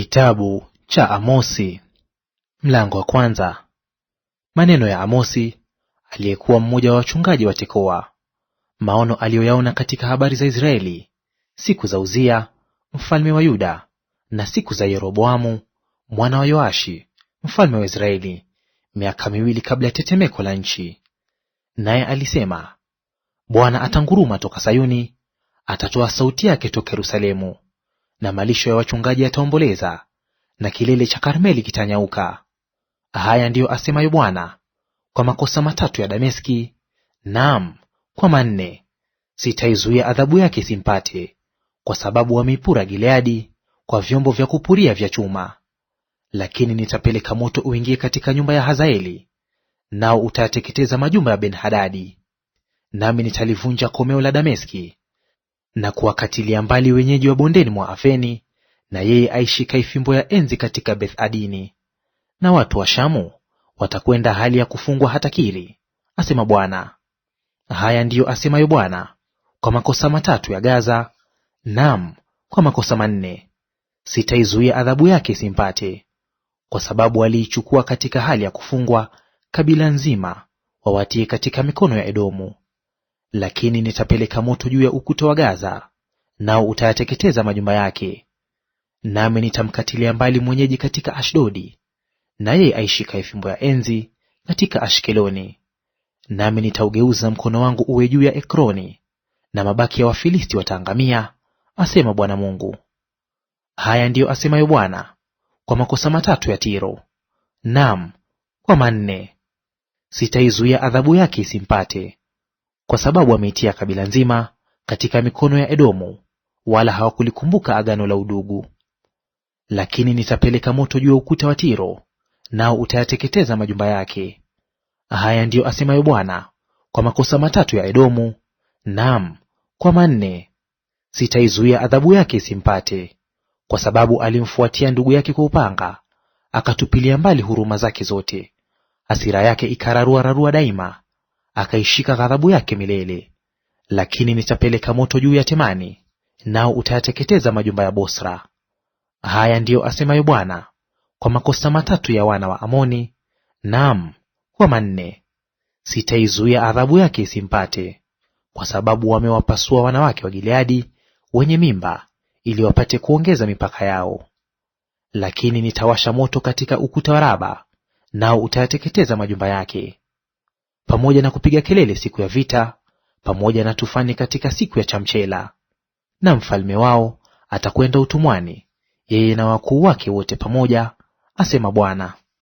Kitabu cha Amosi mlango wa kwanza. Maneno ya Amosi aliyekuwa mmoja wa wachungaji wa Tekoa, maono aliyoyaona katika habari za Israeli siku za Uzia mfalme wa Yuda na siku za Yeroboamu mwana wa Yoashi mfalme wa Israeli, miaka miwili kabla ya tetemeko la nchi. Naye alisema, Bwana atanguruma toka Sayuni, atatoa sauti yake toka Yerusalemu na malisho ya wachungaji yataomboleza, na kilele cha Karmeli kitanyauka. Haya ndiyo asemayo Bwana, kwa makosa matatu ya Dameski, naam kwa manne, sitaizuia adhabu yake simpate, kwa sababu wameipura Gileadi kwa vyombo vya kupuria vya chuma. Lakini nitapeleka moto uingie katika nyumba ya Hazaeli, nao utayateketeza majumba ya Ben-Hadadi. Nami nitalivunja komeo la Dameski na kuwakatilia mbali wenyeji wa bondeni mwa afeni na yeye aishikaye fimbo ya enzi katika Beth Adini. Na watu wa Shamu watakwenda hali ya kufungwa hata Kiri, asema Bwana. Haya ndiyo asemayo Bwana kwa makosa matatu ya Gaza, nam kwa makosa manne, sitaizuia adhabu yake isimpate, kwa sababu aliichukua katika hali ya kufungwa kabila nzima, wawatie katika mikono ya Edomu. Lakini nitapeleka moto juu ya ukuta wa Gaza, nao utayateketeza majumba yake. Nami nitamkatilia mbali mwenyeji katika Ashdodi, na yeye aishikaye fimbo ya enzi katika Ashkeloni. Nami nitaugeuza mkono wangu uwe juu ya Ekroni, na mabaki ya Wafilisti wataangamia, asema Bwana Mungu. Haya ndiyo asemayo Bwana kwa makosa matatu ya Tiro, naam, kwa manne; sitaizuia adhabu yake isimpate, kwa sababu ameitia kabila nzima katika mikono ya Edomu, wala hawakulikumbuka agano la udugu. Lakini nitapeleka moto juu ya ukuta wa Tiro, nao utayateketeza majumba yake. Haya ndiyo asemayo Bwana kwa makosa matatu ya Edomu, naam kwa manne, sitaizuia adhabu yake isimpate, kwa sababu alimfuatia ndugu yake kwa upanga, akatupilia mbali huruma zake zote. Hasira yake ikararua rarua daima, akaishika ghadhabu yake milele. Lakini nitapeleka moto juu ya Temani, nao utayateketeza majumba ya Bosra. Haya ndiyo asemayo Bwana kwa makosa matatu ya wana wa Amoni, naam kwa manne, sitaizuia adhabu yake isimpate, kwa sababu wamewapasua wanawake wa Gileadi wenye mimba, ili wapate kuongeza mipaka yao. Lakini nitawasha moto katika ukuta wa Raba, nao utayateketeza majumba yake, pamoja na kupiga kelele siku ya vita, pamoja na tufani katika siku ya chamchela. Na mfalme wao atakwenda utumwani, yeye na wakuu wake wote pamoja, asema Bwana.